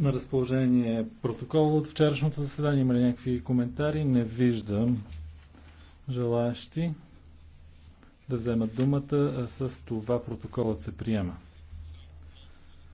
на разположение протокол от вчерашното заседание. Има ли някакви коментари? Не виждам желаящи да вземат думата. С това протоколът се приема.